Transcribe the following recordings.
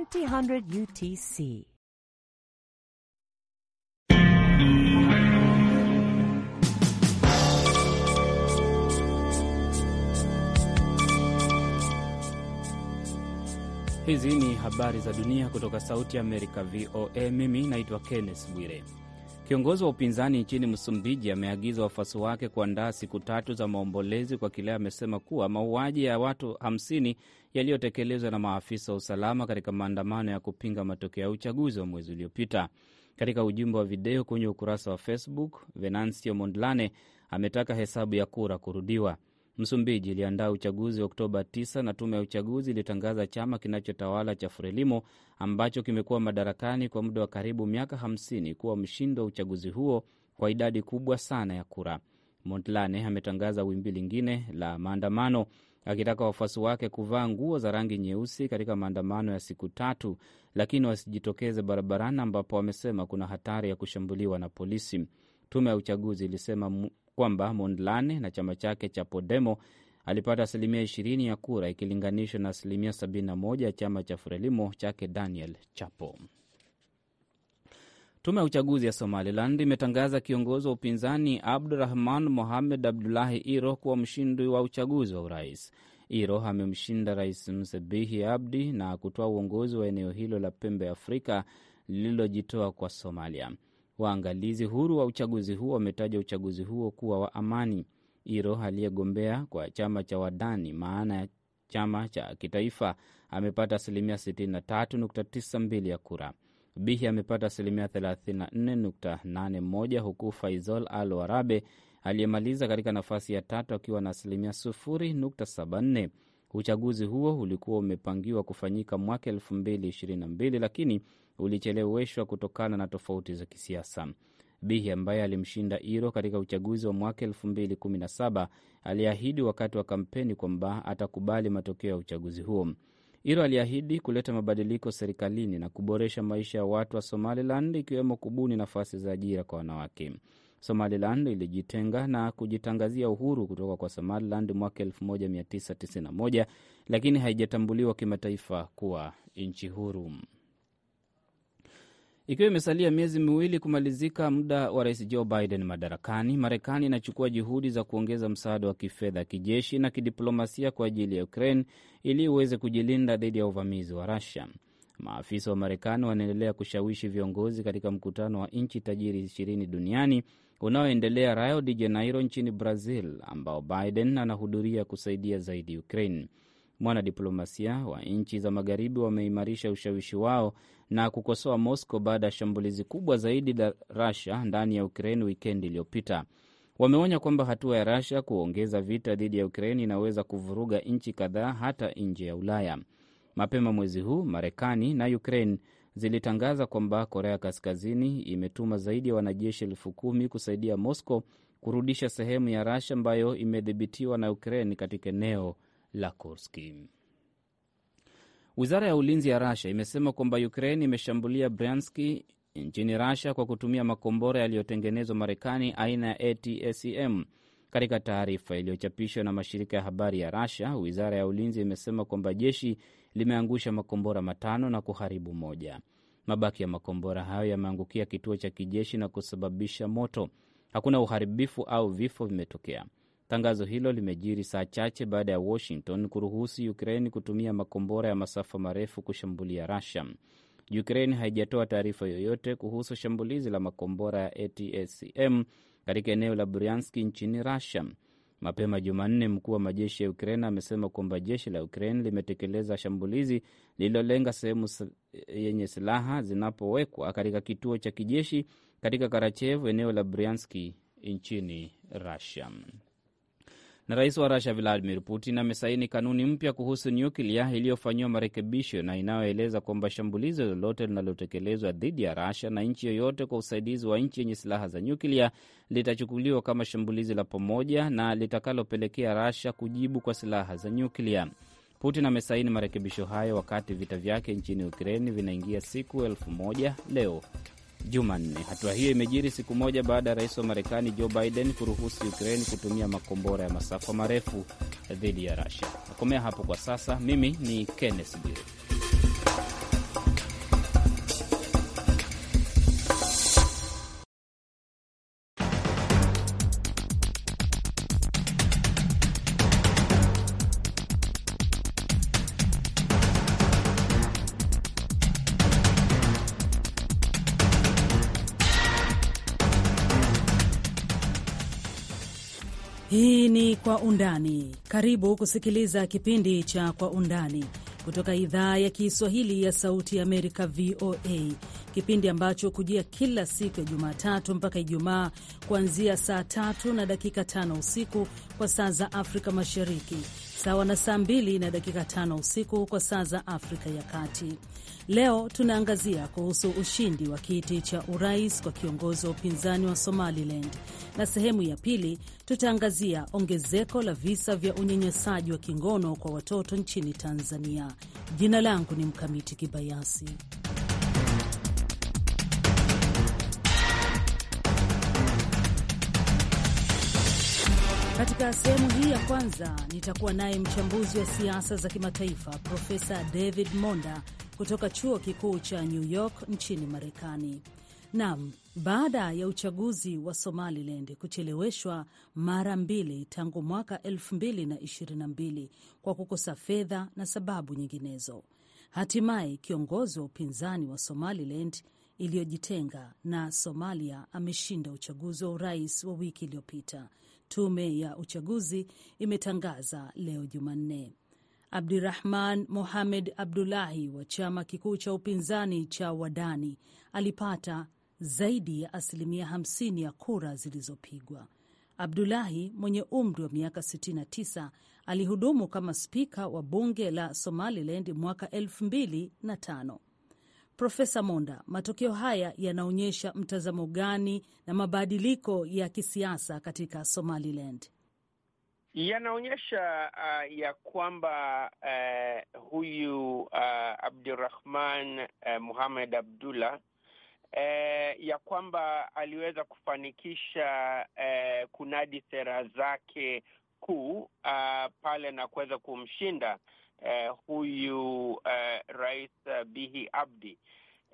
2000 UTC. Hizi ni habari za dunia kutoka Sauti ya Amerika, VOA. Mimi naitwa Kenneth Bwire. Kiongozi wa upinzani nchini Msumbiji ameagiza wafuasi wake kuandaa siku tatu za maombolezi kwa kile amesema kuwa mauaji ya watu 50 yaliyotekelezwa na maafisa wa usalama katika maandamano ya kupinga matokeo ya uchaguzi wa mwezi uliopita. Katika ujumbe wa video kwenye ukurasa wa Facebook, Venancio Mondlane ametaka hesabu ya kura kurudiwa. Msumbiji iliandaa uchaguzi Oktoba 9 na tume ya uchaguzi ilitangaza chama kinachotawala cha Frelimo ambacho kimekuwa madarakani kwa muda wa karibu miaka 50 kuwa mshindi wa uchaguzi huo kwa idadi kubwa sana ya kura. Montlane ametangaza wimbi lingine la maandamano akitaka wafuasi wake kuvaa nguo za rangi nyeusi katika maandamano ya siku tatu, lakini wasijitokeze barabarani ambapo wamesema kuna hatari ya kushambuliwa na polisi. Tume ya uchaguzi ilisema kwamba Mondlane na chama chake cha Podemo alipata asilimia 20 ya kura ikilinganishwa na asilimia 71 ya chama cha Frelimo chake Daniel Chapo. Tume ya uchaguzi ya Somaliland imetangaza kiongozi wa upinzani Abdurahman Mohamed Abdulahi Iro kuwa mshindi wa uchaguzi wa urais. Iro amemshinda Rais Msebihi Abdi na kutoa uongozi wa eneo hilo la pembe ya Afrika lililojitoa kwa Somalia. Waangalizi huru wa uchaguzi huo wametaja uchaguzi huo kuwa wa amani. Iro aliyegombea kwa chama cha Wadani, maana ya chama cha kitaifa, amepata asilimia 63.92 ya kura. Bihi amepata asilimia 34.81 huku Faizol Al Warabe aliyemaliza katika nafasi ya tatu akiwa na asilimia 0.74. Uchaguzi huo ulikuwa umepangiwa kufanyika mwaka 2022 lakini ulicheleweshwa kutokana na tofauti za kisiasa. Bihi ambaye alimshinda Iro katika uchaguzi wa mwaka 2017 aliahidi wakati wa kampeni kwamba atakubali matokeo ya uchaguzi huo. Iro aliahidi kuleta mabadiliko serikalini na kuboresha maisha ya watu wa Somaliland, ikiwemo kubuni nafasi za ajira kwa wanawake. Somaliland ilijitenga na kujitangazia uhuru kutoka kwa Somaliland mwaka 1991 lakini haijatambuliwa kimataifa kuwa nchi huru. Ikiwa imesalia miezi miwili kumalizika muda wa rais Joe Biden madarakani, Marekani inachukua juhudi za kuongeza msaada wa kifedha, kijeshi na kidiplomasia kwa ajili ya Ukraine ili iweze kujilinda dhidi ya uvamizi wa Rusia. Maafisa wa Marekani wanaendelea kushawishi viongozi katika mkutano wa nchi tajiri ishirini duniani unaoendelea Rio de Janeiro nchini Brazil, ambao Biden anahudhuria kusaidia zaidi Ukraine. Mwanadiplomasia wa nchi za magharibi wameimarisha ushawishi wao na kukosoa Moscow baada ya shambulizi kubwa zaidi la Russia ndani ya Ukraine wikendi iliyopita. Wameonya kwamba hatua ya Russia kuongeza vita dhidi ya Ukraine inaweza kuvuruga nchi kadhaa hata nje ya Ulaya. Mapema mwezi huu Marekani na Ukraine zilitangaza kwamba Korea Kaskazini imetuma zaidi ya wanajeshi elfu kumi kusaidia Moscow kurudisha sehemu ya Russia ambayo imedhibitiwa na Ukraine katika eneo la Kursk. Wizara ya ulinzi ya rasha imesema kwamba Ukraine imeshambulia Bryanski nchini Rasha kwa kutumia makombora yaliyotengenezwa Marekani aina ya atacm Katika taarifa iliyochapishwa na mashirika ya habari ya rasha wizara ya ulinzi imesema kwamba jeshi limeangusha makombora matano na kuharibu moja. Mabaki ya makombora hayo yameangukia kituo cha kijeshi na kusababisha moto. Hakuna uharibifu au vifo vimetokea. Tangazo hilo limejiri saa chache baada ya Washington kuruhusu Ukraine kutumia makombora ya masafa marefu kushambulia Russia. Ukraine haijatoa taarifa yoyote kuhusu shambulizi la makombora ya ATACMS katika eneo la Bryanski nchini Russia. Mapema Jumanne, mkuu wa majeshi ya Ukraine amesema kwamba jeshi la Ukraine limetekeleza shambulizi lililolenga sehemu yenye silaha zinapowekwa katika kituo cha kijeshi katika Karachev, eneo la Bryanski nchini Russia na rais wa Rusia Vladimir Putin amesaini kanuni mpya kuhusu nyuklia iliyofanyiwa marekebisho na inayoeleza kwamba shambulizi lolote linalotekelezwa dhidi ya Rusia na nchi yoyote kwa usaidizi wa nchi yenye silaha za nyuklia litachukuliwa kama shambulizi la pamoja na litakalopelekea Rusia kujibu kwa silaha za nyuklia. Putin amesaini marekebisho hayo wakati vita vyake nchini Ukraini vinaingia siku elfu moja leo. Jumanne. Hatua hiyo imejiri siku moja baada ya rais wa Marekani Joe Biden kuruhusu Ukraine kutumia makombora ya masafa marefu dhidi ya Rusia. Nakomea hapo kwa sasa. Mimi ni Kenneth Bwire. Undani. Karibu kusikiliza kipindi cha Kwa Undani kutoka idhaa ya Kiswahili ya Sauti ya Amerika, VOA kipindi ambacho kujia kila siku ya Jumatatu mpaka Ijumaa kuanzia saa tatu na dakika tano usiku kwa saa za Afrika Mashariki, sawa na saa mbili na dakika tano usiku kwa saa za Afrika ya Kati. Leo tunaangazia kuhusu ushindi wa kiti cha urais kwa kiongozi wa upinzani wa Somaliland, na sehemu ya pili tutaangazia ongezeko la visa vya unyanyasaji wa kingono kwa watoto nchini Tanzania. Jina langu ni Mkamiti Kibayasi. Katika sehemu hii ya kwanza nitakuwa naye mchambuzi wa siasa za kimataifa Profesa David Monda kutoka chuo kikuu cha New York nchini Marekani. Naam, baada ya uchaguzi wa Somaliland kucheleweshwa mara mbili tangu mwaka 2022 kwa kukosa fedha na sababu nyinginezo, hatimaye kiongozi wa upinzani wa Somaliland iliyojitenga na Somalia ameshinda uchaguzi wa urais wa wiki iliyopita Tume ya uchaguzi imetangaza leo Jumanne. abdurahman Mohamed Abdulahi wa chama kikuu cha upinzani cha Wadani alipata zaidi ya asilimia 50 ya kura zilizopigwa. Abdulahi mwenye umri wa miaka 69 alihudumu kama spika wa bunge la Somaliland mwaka 2005 Profesa Monda, matokeo haya yanaonyesha mtazamo gani na mabadiliko ya kisiasa katika Somaliland? Yanaonyesha uh, ya kwamba uh, huyu uh, Abdurahman uh, Muhamed Abdullah uh, ya kwamba aliweza kufanikisha uh, kunadi sera zake kuu uh, pale na kuweza kumshinda eh, huyu eh, Rais eh, bihi abdi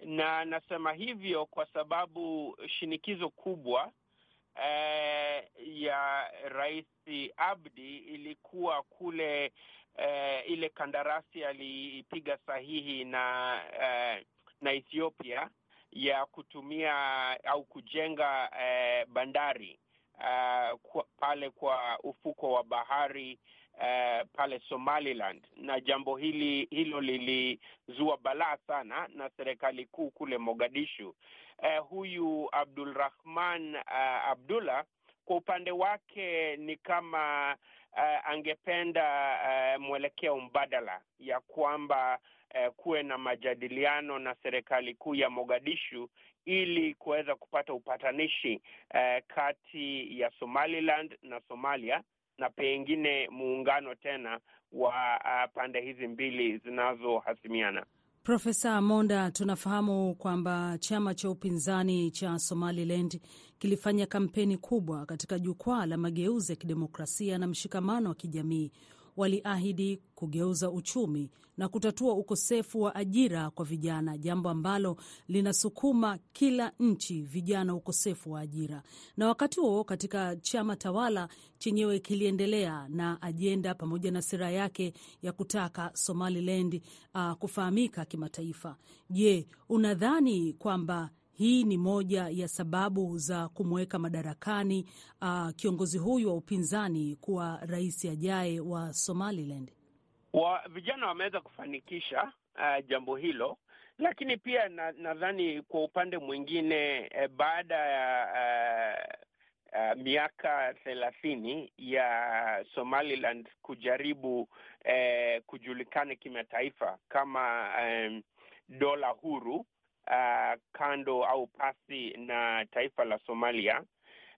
na nasema hivyo kwa sababu shinikizo kubwa eh, ya Rais abdi ilikuwa kule eh, ile kandarasi aliipiga sahihi na eh, na Ethiopia ya kutumia au kujenga eh, bandari eh, kwa, pale kwa ufuko wa bahari uh, pale Somaliland, na jambo hili hilo lilizua balaa sana na serikali kuu kule Mogadishu. Uh, huyu Abdul Rahman uh, eh, Abdullah kwa upande wake ni kama uh, angependa uh, mwelekeo mbadala ya kwamba uh, kuwe na majadiliano na serikali kuu ya Mogadishu ili kuweza kupata upatanishi uh, kati ya Somaliland na Somalia na pengine muungano tena wa uh, pande hizi mbili zinazohasimiana. Profesa Monda, tunafahamu kwamba chama cha upinzani cha Somaliland kilifanya kampeni kubwa katika jukwaa la mageuzi ya kidemokrasia na mshikamano wa kijamii waliahidi kugeuza uchumi na kutatua ukosefu wa ajira kwa vijana, jambo ambalo linasukuma kila nchi vijana ukosefu wa ajira. Na wakati huo katika chama tawala chenyewe kiliendelea na ajenda pamoja na sera yake ya kutaka Somaliland uh, kufahamika kimataifa. Je, unadhani kwamba hii ni moja ya sababu za kumweka madarakani uh, kiongozi huyu wa upinzani kuwa rais ajaye wa Somaliland. Wa, vijana wameweza kufanikisha uh, jambo hilo, lakini pia nadhani na kwa upande mwingine eh, baada ya uh, Uh, miaka thelathini ya Somaliland kujaribu eh, kujulikana kimataifa kama eh, dola huru uh, kando au pasi na taifa la Somalia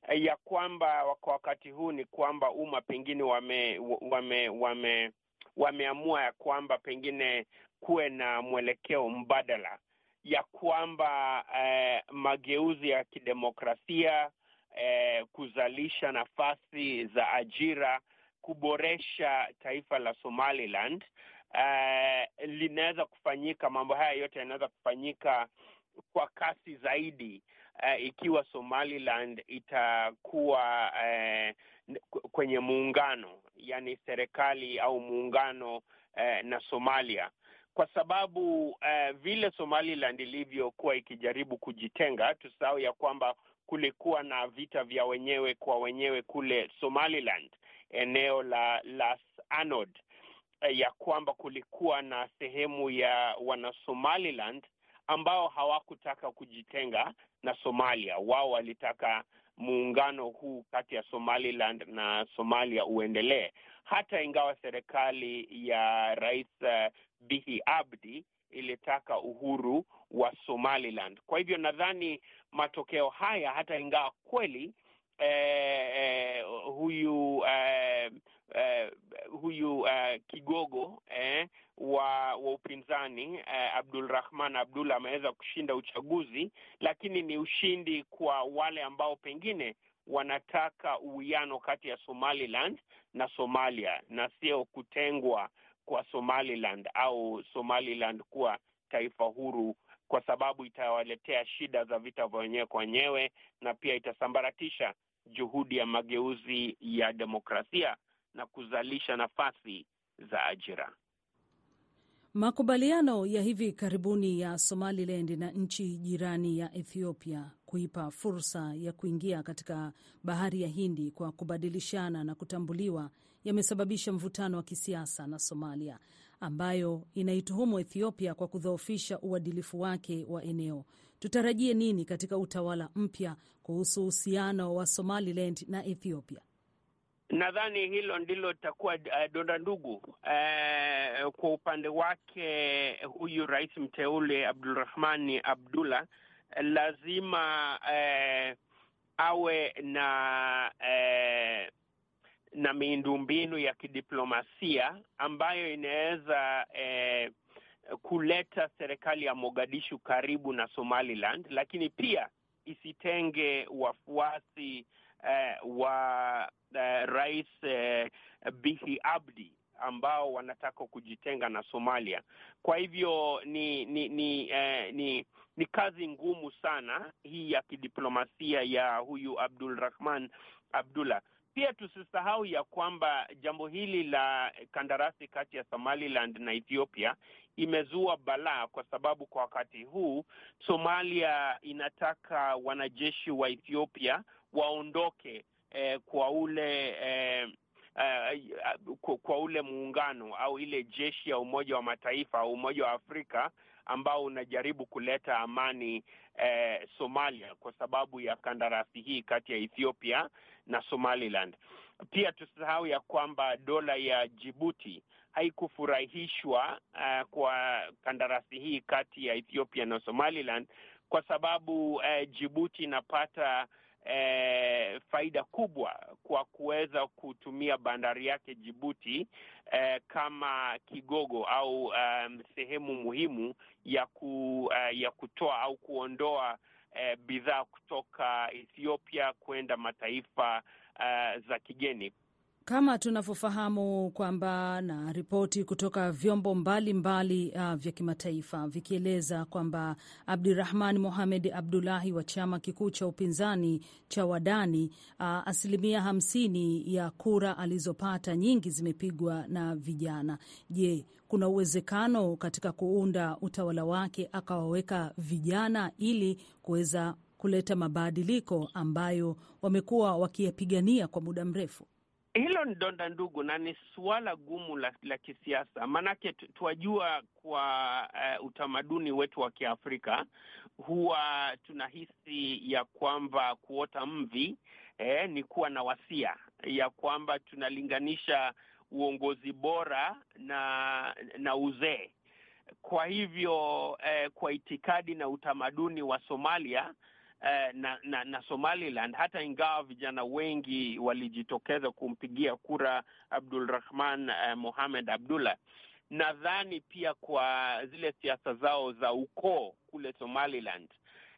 eh, ya kwamba kwa wakati huu ni kwamba umma pengine wame wame wame wameamua ya kwamba pengine kuwe na mwelekeo mbadala ya kwamba eh, mageuzi ya kidemokrasia eh, kuzalisha nafasi za ajira kuboresha taifa la Somaliland uh, linaweza kufanyika, mambo haya yote yanaweza kufanyika kwa kasi zaidi uh, ikiwa Somaliland itakuwa uh, kwenye muungano, yani serikali au muungano uh, na Somalia kwa sababu uh, vile Somaliland ilivyokuwa ikijaribu kujitenga, tusahau ya kwamba kulikuwa na vita vya wenyewe kwa wenyewe kule Somaliland, eneo la Las Anod Eh, ya kwamba kulikuwa na sehemu ya Wanasomaliland ambao hawakutaka kujitenga na Somalia. Wao walitaka muungano huu kati ya Somaliland na Somalia uendelee, hata ingawa serikali ya Rais eh, Bihi Abdi ilitaka uhuru wa Somaliland. Kwa hivyo nadhani matokeo haya, hata ingawa kweli Eh, eh, huyu eh, eh, huyu eh, kigogo eh, wa wa upinzani eh, Abdul Rahman Abdullah ameweza kushinda uchaguzi, lakini ni ushindi kwa wale ambao pengine wanataka uwiano kati ya Somaliland na Somalia na sio kutengwa kwa Somaliland au Somaliland kuwa taifa huru, kwa sababu itawaletea shida za vita vya wenyewe kwa wenyewe na pia itasambaratisha juhudi ya mageuzi ya demokrasia na kuzalisha nafasi za ajira. Makubaliano ya hivi karibuni ya Somaliland na nchi jirani ya Ethiopia kuipa fursa ya kuingia katika bahari ya Hindi kwa kubadilishana na kutambuliwa yamesababisha mvutano wa kisiasa na Somalia ambayo inaituhumu Ethiopia kwa kudhoofisha uadilifu wake wa eneo tutarajie nini katika utawala mpya kuhusu uhusiano wa Somaliland na Ethiopia? Nadhani hilo ndilo litakuwa uh, donda ndugu uh, kwa upande wake huyu rais mteule Abdulrahmani Abdullah lazima uh, awe na uh, na miundombinu ya kidiplomasia ambayo inaweza uh, kuleta serikali ya Mogadishu karibu na Somaliland, lakini pia isitenge wafuasi eh, wa eh, Rais eh, Bihi Abdi ambao wanataka kujitenga na Somalia. Kwa hivyo ni ni ni, eh, ni ni kazi ngumu sana hii ya kidiplomasia ya huyu Abdul Rahman Abdullah. Pia tusisahau ya kwamba jambo hili la kandarasi kati ya Somaliland na Ethiopia imezua balaa kwa sababu kwa wakati huu Somalia inataka wanajeshi wa Ethiopia waondoke eh, kwa ule eh, Uh, kwa ule muungano au ile jeshi ya Umoja wa Mataifa au Umoja wa Afrika ambao unajaribu kuleta amani eh, Somalia kwa sababu ya kandarasi hii kati ya Ethiopia na Somaliland. Pia tusahau ya kwamba dola ya Djibouti haikufurahishwa uh, kwa kandarasi hii kati ya Ethiopia na Somaliland kwa sababu uh, eh, Jibuti inapata uh, faida kubwa kwa kuweza kutumia bandari yake Jibuti uh, kama kigogo au um, sehemu muhimu ya ku, uh, ya kutoa au kuondoa uh, bidhaa kutoka Ethiopia kwenda mataifa uh, za kigeni. Kama tunavyofahamu kwamba na ripoti kutoka vyombo mbalimbali mbali, uh, vya kimataifa vikieleza kwamba Abdurahman Mohamed Abdulahi wa chama kikuu cha upinzani cha Wadani, uh, asilimia hamsini ya kura alizopata nyingi zimepigwa na vijana. Je, kuna uwezekano katika kuunda utawala wake akawaweka vijana ili kuweza kuleta mabadiliko ambayo wamekuwa wakiyapigania kwa muda mrefu? Hilo ni donda ndugu na ni suala gumu la, la kisiasa, maanake twajua kwa uh, utamaduni wetu wa Kiafrika huwa tunahisi ya kwamba kuota mvi eh, ni kuwa na wasia ya kwamba tunalinganisha uongozi bora na na uzee. Kwa hivyo eh, kwa itikadi na utamaduni wa Somalia Eh, na, na, na Somaliland, hata ingawa vijana wengi walijitokeza kumpigia kura Abdul Rahman eh, Mohamed Abdullah, nadhani pia kwa zile siasa zao za ukoo kule Somaliland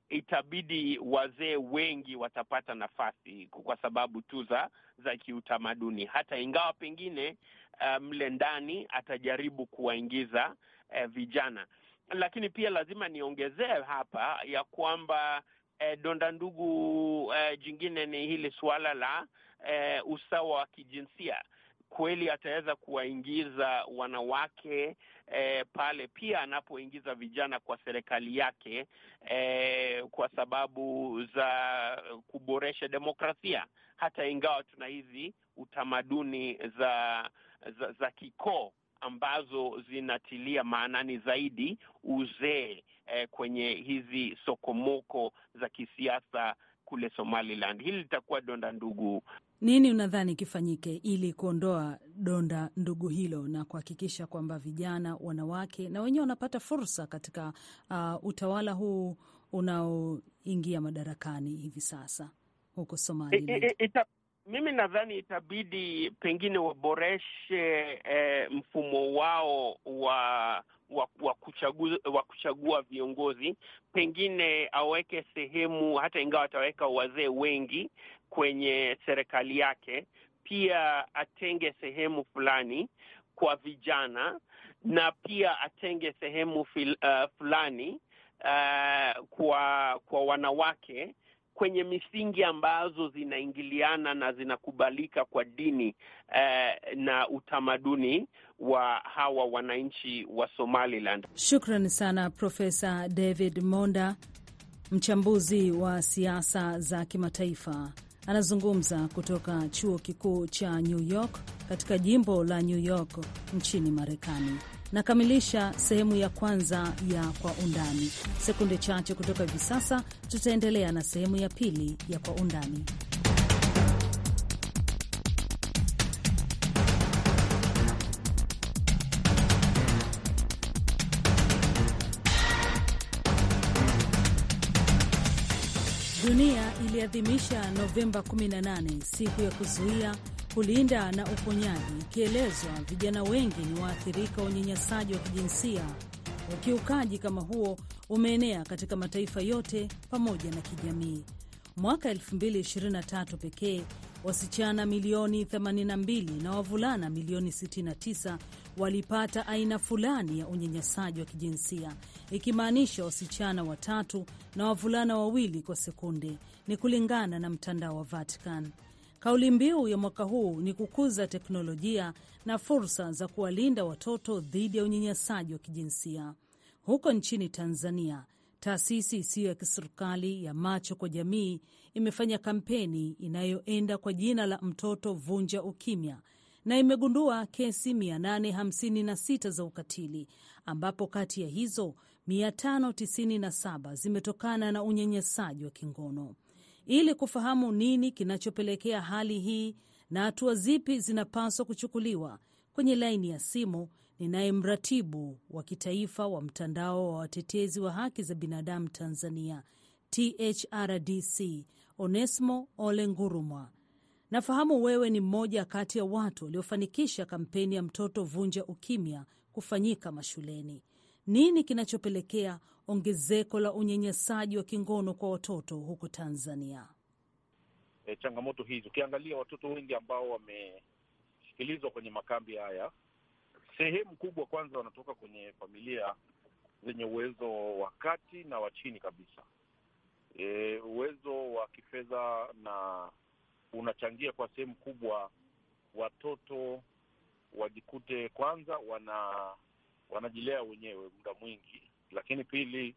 itabidi wazee wengi watapata nafasi kwa sababu tu za za kiutamaduni, hata ingawa pengine mle eh, mle ndani atajaribu kuwaingiza uh, vijana. Lakini pia lazima niongezee hapa ya kwamba eh, donda ndugu eh, jingine ni hili suala la eh, usawa wa kijinsia kweli ataweza kuwaingiza wanawake eh, pale pia anapoingiza vijana kwa serikali yake eh, kwa sababu za kuboresha demokrasia, hata ingawa tuna hizi utamaduni za za, za kikoo ambazo zinatilia maanani zaidi uzee eh, kwenye hizi sokomoko za kisiasa kule Somaliland. Hili litakuwa donda ndugu. Nini unadhani kifanyike ili kuondoa donda ndugu hilo na kuhakikisha kwamba vijana, wanawake na wenyewe wanapata fursa katika uh, utawala huu unaoingia madarakani hivi sasa huko Somaliland? It, it, it, mimi nadhani itabidi pengine waboreshe eh, mfumo wao wa wa, wa kuchagua, wa kuchagua viongozi, pengine aweke sehemu, hata ingawa ataweka wazee wengi kwenye serikali yake, pia atenge sehemu fulani kwa vijana na pia atenge sehemu fil, uh, fulani uh, kwa kwa wanawake kwenye misingi ambazo zinaingiliana na zinakubalika kwa dini eh, na utamaduni wa hawa wananchi wa Somaliland. Shukran sana Profesa David Monda, mchambuzi wa siasa za kimataifa, anazungumza kutoka chuo kikuu cha New York katika jimbo la New York nchini Marekani. Nakamilisha sehemu ya kwanza ya Kwa Undani. Sekunde chache kutoka hivi sasa, tutaendelea na sehemu ya pili ya Kwa Undani. Dunia iliadhimisha Novemba 18 siku ya kuzuia kulinda na uponyaji, ikielezwa vijana wengi ni waathirika wa unyanyasaji wa kijinsia. Ukiukaji kama huo umeenea katika mataifa yote pamoja na kijamii. Mwaka 2023 pekee wasichana milioni 82 na wavulana milioni 69 walipata aina fulani ya unyanyasaji wa kijinsia, ikimaanisha wasichana watatu na wavulana wawili kwa sekunde, ni kulingana na mtandao wa Vatican. Kauli mbiu ya mwaka huu ni kukuza teknolojia na fursa za kuwalinda watoto dhidi ya unyanyasaji wa kijinsia. Huko nchini Tanzania, taasisi isiyo ya kiserikali ya Macho kwa Jamii imefanya kampeni inayoenda kwa jina la Mtoto Vunja Ukimya na imegundua kesi 856 za ukatili ambapo kati ya hizo 597 zimetokana na unyanyasaji wa kingono ili kufahamu nini kinachopelekea hali hii na hatua zipi zinapaswa kuchukuliwa. Kwenye laini ya simu ninaye mratibu wa kitaifa wa mtandao wa watetezi wa haki za binadamu Tanzania, THRDC, Onesmo Ole Ngurumwa. Nafahamu wewe ni mmoja kati ya watu waliofanikisha kampeni ya mtoto vunja ukimya kufanyika mashuleni. Nini kinachopelekea ongezeko la unyanyasaji wa kingono kwa watoto huko Tanzania? E, changamoto hizi ukiangalia watoto wengi ambao wamesikilizwa kwenye makambi haya, sehemu kubwa kwanza wanatoka kwenye familia zenye uwezo wa kati na wa chini kabisa. E, uwezo wa kifedha na unachangia kwa sehemu kubwa watoto wajikute kwanza wana wanajilea wenyewe muda mwingi lakini pili,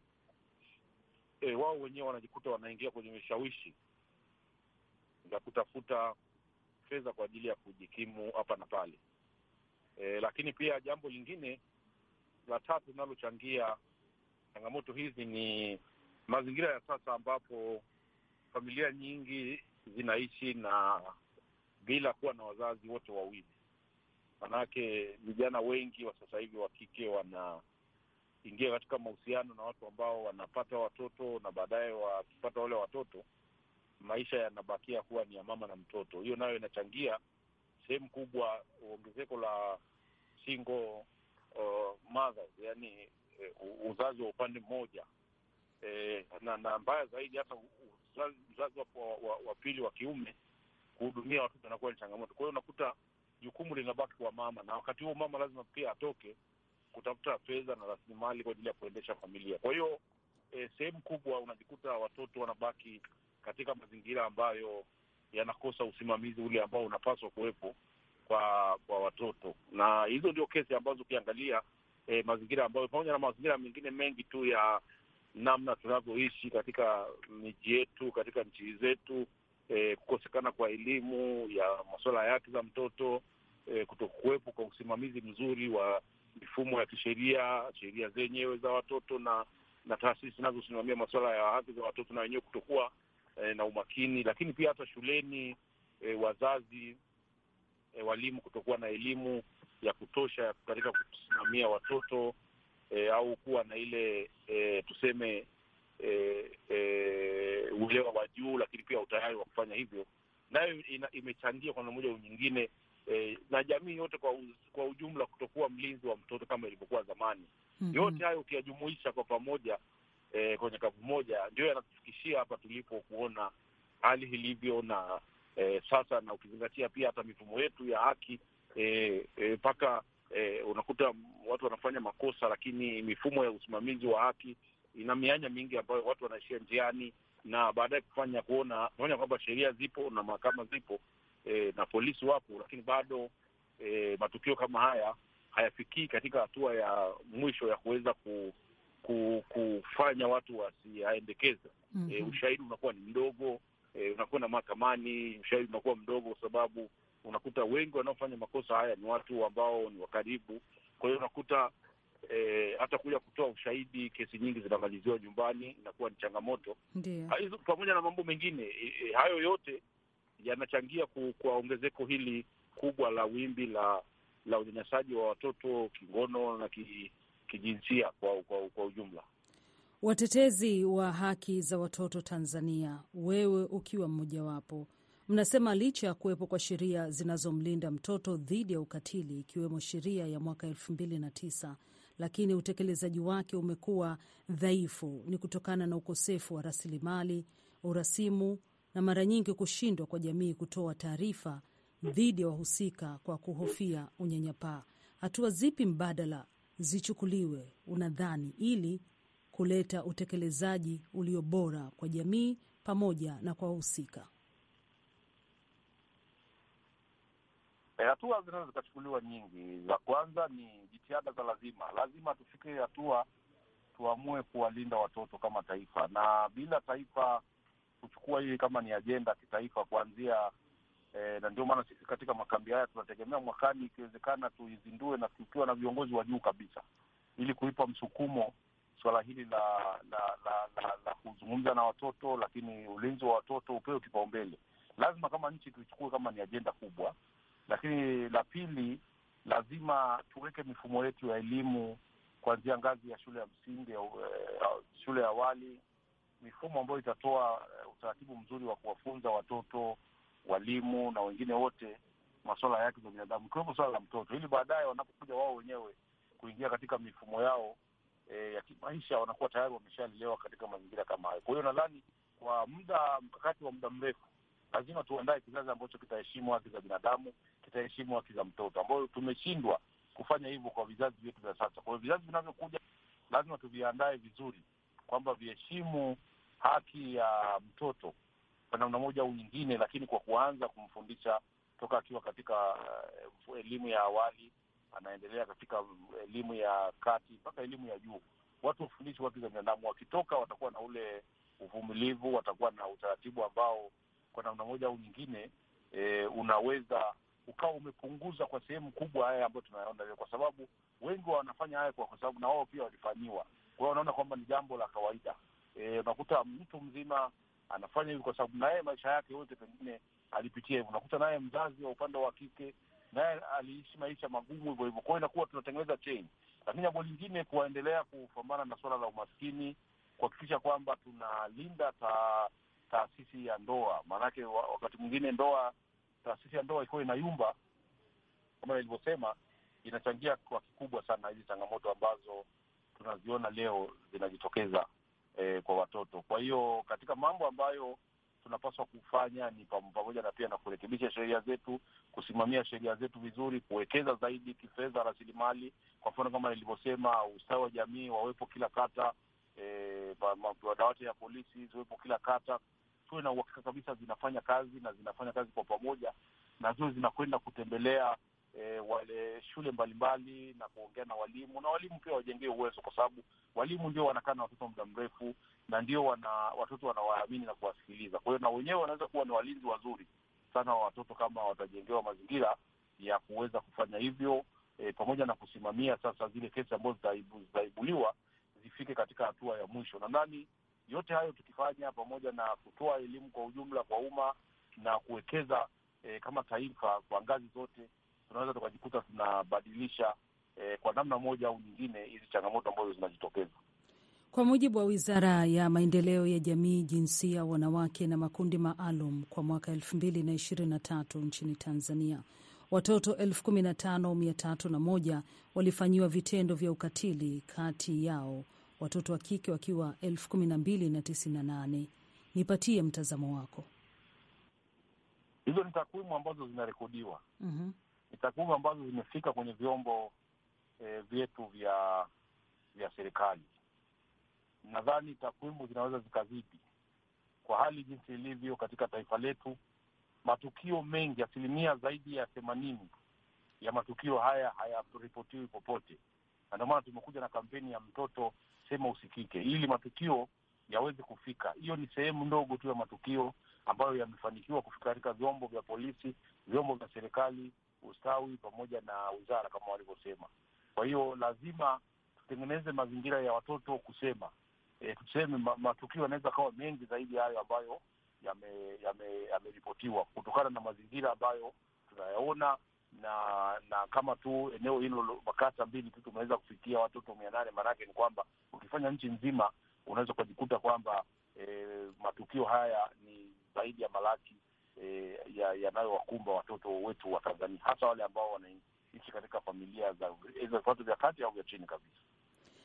e, wao wenyewe wanajikuta wanaingia kwenye vishawishi vya kutafuta fedha kwa ajili ya kujikimu hapa na pale. E, lakini pia jambo lingine la tatu linalochangia changamoto hizi ni mazingira ya sasa ambapo familia nyingi zinaishi na bila kuwa na wazazi wote wawili. Manake vijana wengi wa sasa hivi wa kike wana ingia katika mahusiano na watu ambao wanapata watoto na baadaye wakipata wale watoto maisha yanabakia kuwa ni ya mama na mtoto. Hiyo nayo inachangia sehemu kubwa ongezeko la single uh, mothers, yani uh, uzazi wa upande mmoja eh, na, na mbaya zaidi hata uzazi, uzazi wa, wa, wa pili wa kiume kuhudumia watoto anakuwa ni changamoto. Kwa hiyo unakuta jukumu linabaki kwa mama, na wakati huo mama lazima pia atoke kutafuta fedha na rasilimali kwa ajili ya kuendesha familia. Kwa hiyo e, sehemu kubwa unajikuta watoto wanabaki katika mazingira ambayo yanakosa usimamizi ule ambao unapaswa kuwepo kwa kwa watoto, na hizo ndio kesi ambazo ukiangalia e, mazingira ambayo pamoja na mazingira mengine mengi tu ya namna tunavyoishi katika miji yetu, katika nchi zetu e, kukosekana kwa elimu ya masuala ya haki za mtoto e, kutokuwepo kwa usimamizi mzuri wa mifumo ya kisheria, sheria zenyewe za watoto na na taasisi zinazosimamia masuala ya haki za watoto na wenyewe kutokuwa eh, na umakini, lakini pia hata shuleni eh, wazazi eh, walimu kutokuwa na elimu ya kutosha katika kusimamia watoto eh, au kuwa na ile eh, tuseme eh, eh, uelewa wa juu, lakini pia utayari wa kufanya hivyo, nayo imechangia kwa namna moja au nyingine eh, na jamii yote kwa, uz, kwa ujumla kutokuwa mlinzi wa mtoto kama ilivyokuwa zamani. mm -hmm. Yote hayo ukiyajumuisha kwa pamoja eh, kwenye kavu moja ndio yanatufikishia hapa tulipo, kuona hali ilivyo na eh, sasa, na ukizingatia pia hata mifumo yetu ya haki mpaka eh, eh, Eh, unakuta watu wanafanya makosa, lakini mifumo ya usimamizi wa haki ina mianya mingi ambayo watu wanaishia njiani na baadaye kufanya kuona naona kwamba sheria zipo na mahakama zipo, e, na polisi wapo, lakini bado e, matukio kama haya hayafikii katika hatua ya mwisho ya kuweza ku, ku, kufanya watu wasiaendekeza. mm -hmm. E, eh, ushahidi unakuwa ni mdogo e, unakwenda mahakamani, ushahidi unakuwa mdogo kwa sababu unakuta wengi wanaofanya makosa haya ni watu ambao ni wakaribu. Kwa hiyo unakuta E, hata kuja kutoa ushahidi, kesi nyingi zinamaliziwa nyumbani, inakuwa ni changamoto ah, hizo, pamoja na mambo mengine e, e, hayo yote yanachangia kwa ongezeko hili kubwa la wimbi la la unyanyasaji wa watoto kingono na ki, kijinsia kwa, kwa, kwa ujumla. Watetezi wa haki za watoto Tanzania, wewe ukiwa mmojawapo, mnasema licha ya kuwepo kwa sheria zinazomlinda mtoto dhidi ya ukatili ikiwemo sheria ya mwaka elfu mbili na tisa lakini utekelezaji wake umekuwa dhaifu. Ni kutokana na ukosefu wa rasilimali, urasimu na mara nyingi kushindwa kwa jamii kutoa taarifa dhidi ya wahusika kwa kuhofia unyanyapaa. Hatua zipi mbadala zichukuliwe, unadhani, ili kuleta utekelezaji ulio bora kwa jamii pamoja na kwa wahusika? E, hatua zinaweza zikachukuliwa nyingi. Za kwanza ni jitihada za lazima, lazima tufikie hatua tuamue kuwalinda watoto kama taifa, na bila taifa kuchukua hii kama ni ajenda ya kitaifa kuanzia e, na ndio maana sisi katika makambi haya tunategemea mwakani ikiwezekana tuizindue na tukiwa na viongozi wa juu kabisa, ili kuipa msukumo suala hili la la la, la, la kuzungumza na watoto, lakini ulinzi wa watoto upewe kipaumbele. Lazima kama nchi tuichukue kama ni ajenda kubwa, lakini la pili, lazima tuweke mifumo yetu ya elimu kuanzia ngazi ya shule ya msingi, ya, uh, shule ya awali mifumo ambayo itatoa eh, utaratibu mzuri wa kuwafunza watoto, walimu na wengine wote masuala ya haki za binadamu, ikiwepo suala la mtoto, ili baadaye wanapokuja wao wenyewe kuingia katika mifumo yao e, ya kimaisha wanakuwa tayari wameshalelewa katika mazingira kama hayo. Kwa hiyo nadhani kwa muda mkakati wa muda mrefu lazima tuandae kizazi ambacho kitaheshimu haki za binadamu, kitaheshimu haki za mtoto, ambayo tumeshindwa kufanya hivyo kwa vizazi vyetu vya sasa. Kwa hiyo vizazi vinavyokuja lazima tuviandae vizuri, kwamba viheshimu haki ya mtoto kwa namna moja au nyingine, lakini kwa kuanza kumfundisha toka akiwa katika uh, elimu ya awali, anaendelea katika elimu ya kati mpaka elimu ya juu. Watu wafundishi haki za binadamu, wakitoka watakuwa na ule uvumilivu, watakuwa na utaratibu ambao kwa namna moja au nyingine e, unaweza ukawa umepunguza kwa sehemu kubwa haya ambayo tunayaona leo, kwa sababu wengi wanafanya haya kwa sababu na wao pia walifanyiwa. Kwa hiyo wanaona kwamba ni jambo la kawaida. Eh, unakuta e, mtu mzima anafanya hivi kwa sababu naye maisha yake yote pengine alipitia hivyo. Unakuta naye mzazi wa upande wa kike naye aliishi maisha magumu hivyo hivyo, kwao inakuwa tunatengeneza chain. Lakini jambo lingine, kuwaendelea kupambana na suala la umaskini, kuhakikisha kwamba tunalinda ta, taasisi ya ndoa, maanake wakati mwingine ndoa, taasisi ya ndoa ikiwa inayumba kama nilivyosema, inachangia kwa kikubwa sana hizi changamoto ambazo tunaziona leo zinajitokeza eh, kwa watoto. Kwa hiyo katika mambo ambayo tunapaswa kufanya ni pamoja na pia na kurekebisha sheria zetu, kusimamia sheria zetu vizuri, kuwekeza zaidi kifedha, rasilimali. Kwa mfano kama nilivyosema, ustawi wa jamii wawepo kila kata, eh, madawati ya polisi ziwepo kila kata, tuwe na uhakika kabisa zinafanya kazi na zinafanya kazi kwa pamoja, na ziwe zinakwenda kutembelea e, wale shule mbalimbali na kuongea na walimu, na walimu pia wajengee uwezo, kwa sababu walimu ndio wanakaa na watoto muda mrefu na ndio wana watoto wanawaamini na kuwasikiliza. Kwa hiyo na wenyewe wanaweza kuwa ni walinzi wazuri sana wa watoto kama watajengewa mazingira ya kuweza kufanya hivyo, e, pamoja na kusimamia sasa zile kesi ambazo zitaibuliwa zifike katika hatua ya mwisho. Nadhani yote hayo tukifanya pamoja na kutoa elimu kwa ujumla kwa umma na kuwekeza e, kama taifa kwa ngazi zote tunaweza tukajikuta tunabadilisha eh, kwa namna moja au nyingine hizi changamoto ambazo zinajitokeza. Kwa mujibu wa Wizara ya Maendeleo ya Jamii, Jinsia, Wanawake na Makundi Maalum, kwa mwaka elfu mbili na ishirini na tatu nchini Tanzania, watoto elfu kumi na tano mia tatu na moja walifanyiwa vitendo vya ukatili, kati yao watoto wa kike wakiwa elfu kumi na mbili na na nane. Nipatie mtazamo wako. Hizo ni takwimu ambazo zinarekodiwa. mm -hmm takwimu ambazo zimefika kwenye vyombo e, vyetu vya vya serikali, nadhani takwimu zinaweza zikazidi kwa hali jinsi ilivyo katika taifa letu. Matukio mengi, asilimia zaidi ya themanini ya matukio haya hayaripotiwi popote, na ndio maana tumekuja na kampeni ya mtoto sema usikike, ili matukio yaweze kufika. Hiyo ni sehemu ndogo tu ya matukio ambayo yamefanikiwa kufika katika vyombo vya polisi, vyombo vya serikali ustawi pamoja na wizara kama walivyosema. Kwa hiyo lazima tutengeneze mazingira ya watoto kusema e, tuseme ma, matukio yanaweza kawa mengi zaidi hayo ambayo yameripotiwa yame, yame kutokana na mazingira ambayo tunayaona na na kama tu eneo hilo makasa mbili tu tumeweza kufikia watoto mia nane. Maanake ni kwamba ukifanya nchi nzima unaweza ukajikuta kwamba e, matukio haya ni zaidi ya malaki e, yanayowakumba ya watoto wetu wa Tanzania, hasa wale ambao wanaishi katika familia za vipato vya kati au vya chini kabisa.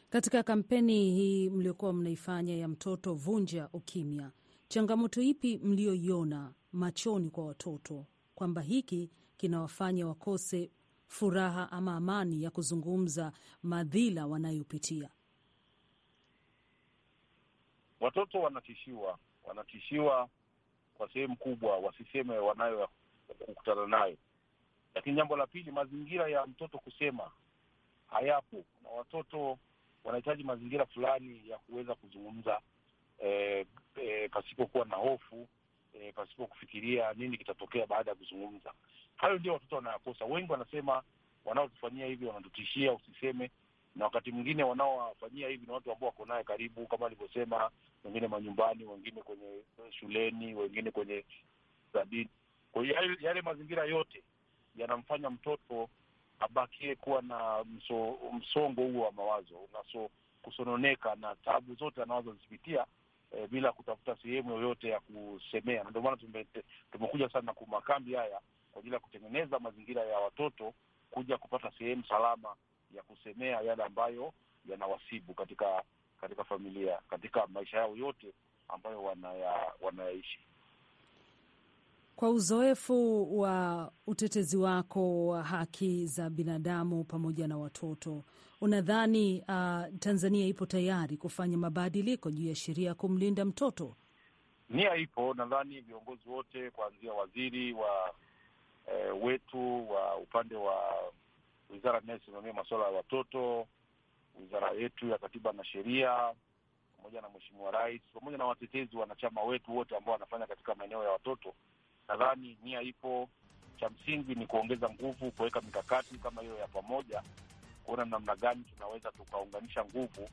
Katika kampeni hii mliokuwa mnaifanya ya mtoto vunja ukimya, changamoto ipi mliyoiona machoni kwa watoto kwamba hiki kinawafanya wakose furaha ama amani ya kuzungumza madhila wanayopitia? Watoto wanatishiwa, wanatishiwa kwa sehemu kubwa wasiseme wanayo kukutana nayo. Lakini jambo la pili, mazingira ya mtoto kusema hayapo, na watoto wanahitaji mazingira fulani ya kuweza kuzungumza e, eh, e, eh, pasipokuwa na hofu e, pasipo kufikiria nini kitatokea baada ya kuzungumza. Hayo ndio watoto wanayakosa. Wengi wanasema wanaotufanyia hivi wanatutishia, usiseme na wakati mwingine wanaowafanyia hivi ni watu ambao wako naye karibu, kama alivyosema, wengine manyumbani, wengine kwenye shuleni, wengine kwenye za Kwa hiyo yale mazingira yote yanamfanya mtoto abakie kuwa na mso, msongo huo wa mawazo unaso kusononeka na tabu zote anazozipitia e, eh, bila kutafuta sehemu yoyote ya kusemea, na ndio maana tumekuja sana kwa makambi haya kwa ajili ya kutengeneza mazingira ya watoto kuja kupata sehemu salama ya kusemea yale ambayo yanawasibu katika katika familia, katika maisha yao yote ambayo wanaya, wanayaishi. Kwa uzoefu wa utetezi wako wa haki za binadamu pamoja na watoto, unadhani uh, Tanzania ipo tayari kufanya mabadiliko juu ya sheria ya kumlinda mtoto? Nia ipo. Nadhani viongozi wote kuanzia waziri wa eh, wetu wa upande wa wizara inayosimamia masuala ya watoto, wizara yetu ya katiba na sheria, pamoja na mheshimiwa rais, pamoja na watetezi wanachama wetu wote ambao wanafanya katika maeneo ya watoto. Nadhani nia ipo, cha msingi ni kuongeza nguvu, kuweka mikakati kama hiyo ya pamoja, kuona namna gani tunaweza tukaunganisha nguvu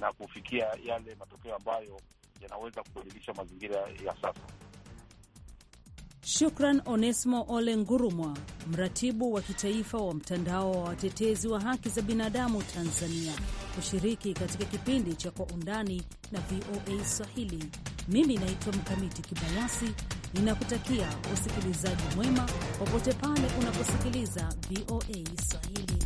na kufikia yale matokeo ambayo yanaweza kubadilisha mazingira ya sasa. Shukran onesimo Ole Ngurumwa, mratibu wa kitaifa wa mtandao wa watetezi wa haki za binadamu Tanzania, kushiriki katika kipindi cha Kwa Undani na VOA Swahili. Mimi naitwa Mkamiti Kibayasi, ninakutakia usikilizaji mwema popote pale unaposikiliza VOA Swahili.